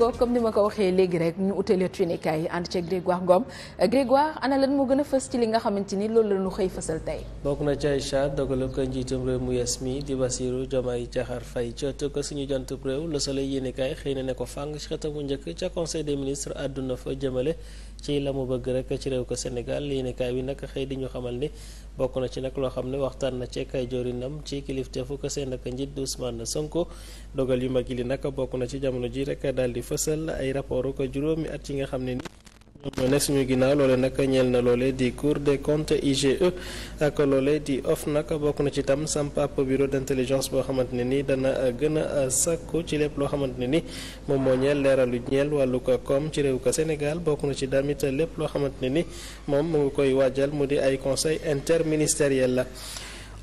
ngoog comme ni ma ko waxee léegi rek ñu utale tunikaay ànd ca Grégoire Ngom Grégoire ana lan moo gën a fës ci li nga xamante ni loolu la ñu xëy fësal tey. bokk na ca Aïcha dogalu ko njiitum réew mu yes mi di Bassirou Diomaye Diakhar Faye ca tëkk suñu jantub réew Le Soleil yéenekaay xëy na ne ko fàng ci xëtam njëkk ca conseil des ministres àdduna fa jëmale ci la mu bëgg rek ci réew ko Sénégal yéenekaay bi nag xëy di ñu xamal ni. bokk na ci nag loo xam ne waxtaan na ci kay jorinam ci kilifteefu ko seen ak njiit di Ousmane Sonko dogal yu mag yi li nag bokk na ci jamono ji rek daal di fësal ay rapport ko juróomi at yi nga xam ne ni ñoo nekk suñu ginnaaw loole nag ñeel na loole di cour de comptes IGE ak loole di OFNAC bokk na ci itam samp ab bureau d' intelligence boo xamante ne ni dana gën a sàkku ci lépp loo xamante ne ni moom moo ñeel leeralu ñeel wàllu ko koom ci réew ko Sénégal bokk na ci damit lépp loo xamante ne ni moom mu ngi koy waajal mu di ay conseil interministériel la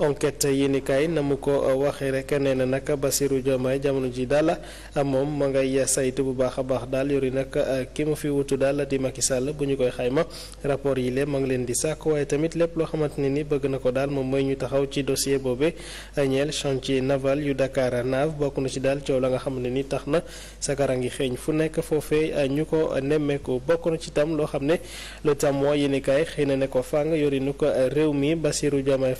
enquête yéenikaay na mu ko euh, waxee rek nee na nag Bassirou Diomaye jamono ji daal euh, moom ma ngay saytu bu baax a baax daal yori nag euh, ki mu fi wutu dal di Macky Sall bu ñu koy xayma rapport yi lépp ma ngi leen di sàkk waaye lépp loo xamante ne ni bëgg na ko daal moom mooy ñu taxaw ci dossier boobe ñeel chantier naval yu Dakar nave bokk na ci daal coow la nga xam ne ni tax na a ngi xeeñ fu nekk foofee ñu ko nemmeeku bokk na ci tam loo xam ne le tam moo yéenikaay xëy na ne ko fàng yori nu ko réew mi Bassirou Diomaye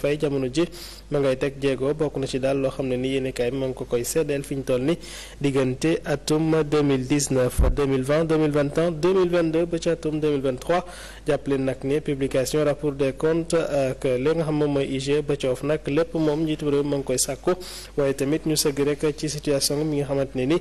bi ma ngay teg jéego bokk na ci daal loo xam ne ni yéenekaay bi ma ngi ko koy seddeel fi ñu toll ni diggante atum 2019 2020 ba ci atum jàppale nag ne publication rapport des comptes ak li nga xam moom mooy IG ba lépp moom njiitu réew ma ngi koy sàkku waaye tamit ñu sëgg rek ci situation mi nga xamante ne ni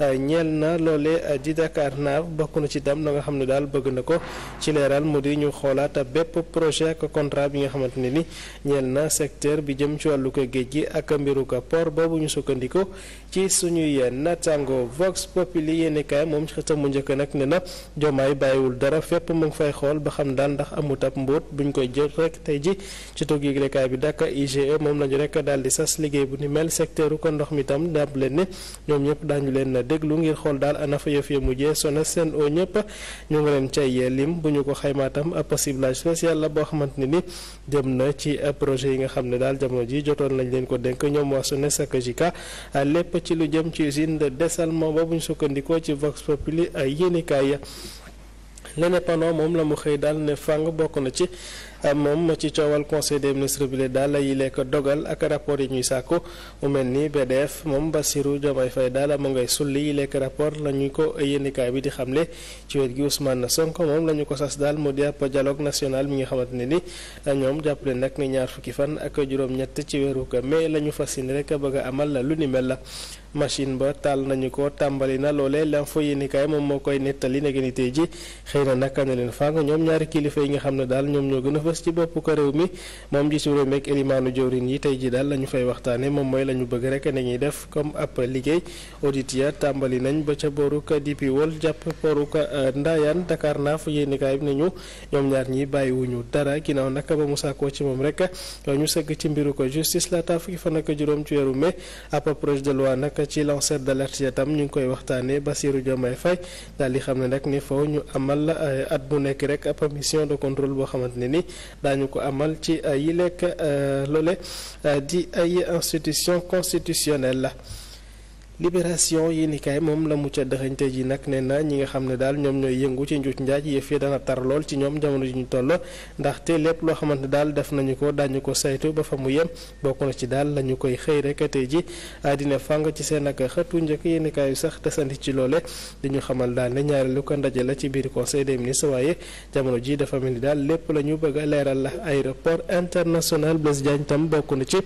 euh, ñeel na loole euh, di Dakar naar bokk na ci dam la nga xam ne daal bëgg na ko ci leeral mu di ñu xoolaat bépp projet ak contrat bi nga xamante ne ni ñeel na secteur ministère bi jëm ci wàllu ko géej gi ak mbiru ko port boobu ñu sukkandiku ci suñuy nattango Vox Populi yéene kaay moom ci xëtam mu njëkk nag ne na jomaay bàyyiwul dara fépp mu ngi fay xool ba xam daal ndax amut ab mbóot buñ koy jël rek te ji ci tugg yëglekaay bi dàkk IGE moom lañu rek daal di sas liggéey bu ni mel secteur ko ndox mi tam dàpp leen ne ñoom ñëpp daañu leen déglu ngir xool daal ana fa yëf ya mujjee sona seen o ñëpp ñu ngi leen cay lim bu tam ab ciblage la boo xamante ne daal jamono ji jotoon nañ leen ko dénk ñoom waa SONES ak JICA lépp ci lu jëm ci usine de dessalement ba bu ñu sukkandikoo ci Vox Populi ay yéenekaay ya L'Indépendant moom la mu xëy daal ne fàng bokk na ci moom ci coowal conseil des ministres bi daal la yilee ko dogal ak rapport yi ñuy sàkku mu mel ni BDF moom Bassirou Diomaye Faye daal mu ngay sulli yilee ko rapport la ñu ko yénnikaay bi di xamle ci wet gi Ousmane Sonko moom la ñu ko sas daal mu di ab national mi nga xamante ne ni ñoom jàppale nag ni fukki fan ak juróom-ñett ci weeru ko la ñu fas yéene rek bëgg a lu ni mel la machine ba taal nañu ko tàmbali na loolee l'info yénnikaay moom moo koy nettali na gën a tey ji xëy na nag ne leen fàng ñoom ñaari kilifa yi nga xam ne daal ñoom ñoo gën a bés ci bopp ko réew mi moom gisu réew mi ak élimaanu jëwrin yi tey ji daal lañu ñu fay waxtaane moom mooy la ñu bëgg rek nañuy def comme ab liggéey audit ya tàmbali nañ ba ca boruka dipi wol jàpp boruka euh, ndaayaan Dakar naaf yéenikaay bi nañu ñoom ñaar ñi bàyyi bàyyiwuñu dara ginnaaw naka ba mu sàkkoo ci moom rek ñu sëgg ci mbiru ko justice laata fukki fa ak juróom ci weeru mai ab projet de loi nag ci lanceur d'alerte ya tam ñu ngi koy waxtaane Bassirou Diomaye Faye daal di xam ne nag ni faw ñu amal euh, at bu nekk rek ab mission de contrôle boo xamante ne ni daañu ko amal ci euh, yilekk euh, loole euh, di ay institution constitutionnelle la libération yéen i moom la mu ca dëxañte ji nag nee na ñi nga xam ne daal ñoom ñooy yëngu ci njuut njaaj yëf yi dana tar lool ci ñoom jamono ji ñu toll ndaxte lépp loo xamante daal def nañu ko daañu ko saytu ba fa mu yem bokk na ci daal la ñu koy xëy rek tey ji ah, dina fàng ci seen ak xëtu njëkk yéen i sax desandi ci loole di ñu xamal daal ne ñaareelu ko ndaje la ci biir conseil des ministres waaye jamono ji dafa mel ni daal lépp la ñu bëgg leeral la aéroport international Blaise Diagne tam bokk na ci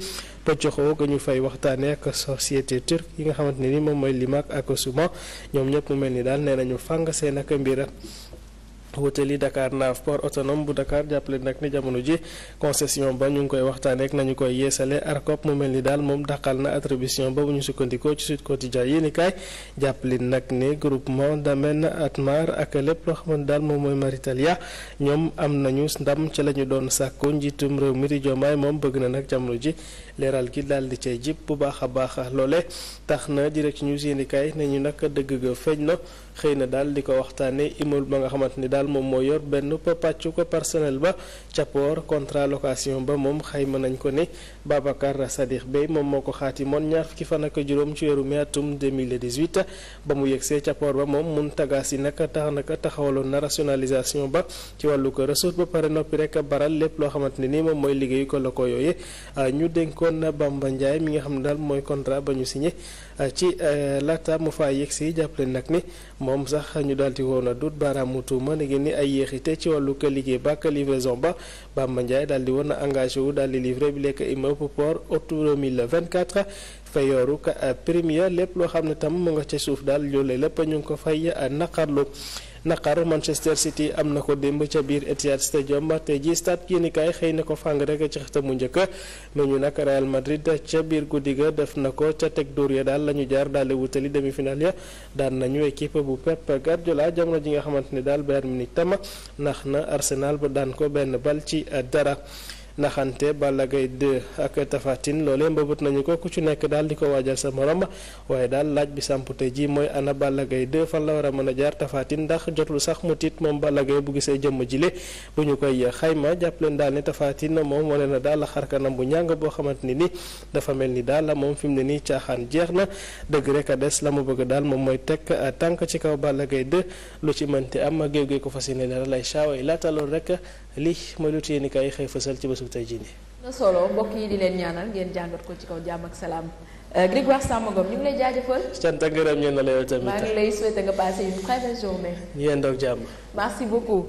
pëccoxoo ga ñu fay waxtaanee ak société turque yi nga xamante ne ni moom mooy Limak ak Suma ñoom ñëpp mu mel ni daal nee nañu fàng seen ak mbir wutali Dakar Nav port autonome bu Dakar jàppale nag ni jamono ji concession ba ñu ngi koy waxtaanee ak nañu koy yeesale ARCOP mu mel ni daal moom daqal na attribution ba bu ñu sukkandikoo ci ni daal moom mooy Maritalia ñoom am nañu ndam ci la ñu doon sàkku njiitum réew mi di moom bëgg na nag jamono ji leeral gi daal di cay jib bu baax a baax loole tax na Direct News yéen i kaay ne ñu dëgg feeñ na xëy na daal di ko waxtaanee immeuble ba nga xamante ni daal daal moom moo yor benn pàccu ko personnel ba ca port contrat location ba moom xayma nañ ko ne Babacar Sadikh Bey moom moo ko xaatimoon ñaar fukki fan ak juróom ci weeru mai atum 2018 ba mu yegsee ca port ba moom Mountaga Sy nag tax naka taxawaloon na rationalisation ba ci wàllu ko ressource ba pare noppi rek baral lépp loo xamante ne nii moom mooy liggéeyu ko la ko yooyee ñu dénkoon Bamba Ndiaye mi nga xam ne daal mooy contrat ba ñu signé Euh, ci euh, laata mu faa yegg si jàppale nag ni moom sax ñu daal di woon a dut baaraamu tuuma ne ngeen ni ay yéexite ci wàllu ko liggéey ba ak livraison ba Bamba Ndiaye daal di woon a engagé wu daal di livré bi lekk immeuble mille vingt 2024 fayooru ka euh, première lépp loo xam ne tam mu nga ca suuf daal loolee lépp ñu ngi ko fay naqarlu naqar Manchester City am na ko démb ca biir Etihad Stadium tey ji stade yéenekaay xëy na ko fàng rek ci xëtamu njëkk nañu nag Real Madrid ca biir guddi ga def na ko ca teg dóor ya daal la ñu jaar daal di wutali demi-finale ya daan nañu équipe bu Pep Guardiola jamono ji nga xamante ne daal Bayern Munich tam nax na Arsenal ba daan ko benn bal ci dara. naxante Balla Gaye 2 ak Tapha Tine loolee mbëbët nañu ko ku ci nekk daal di ko waajal sa morom waaye daal laaj bi sampute ji mooy ànna Balla Gaye 2 fan la war a mën a jaar tafaatin ndax jotul sax mu tiit moom Balla bu gisee jëmm jile bu ñu koy xayma jàpp leen daal ne tafaatin Tine moom wane na daal xarkanam bu ñàng boo xamante ni ni dafa mel ni daal moom fi mu ne nii caaxaan jeex na dëgg rek a des la mu bëgg daal moom mooy teg tànk ci kaw Balla Gaye 2 lu ci mënti am géew gee ko fas yéene leeral ay caawa yi laata loolu rek lii mooy lu téye ni kay xëy fësal ci bés bu tey na solo mbokk yi di leen ñaanal ngeen jàngat ko ci kaw jàmm ak salaam euh, Grégoire Samagom ñu ngi lay jaajëfal. sant ak ngërëm ñu na la yow tamit. maa lay souhaiter nga passer une très belle journée. ñu yendoog jàmm. merci beaucoup.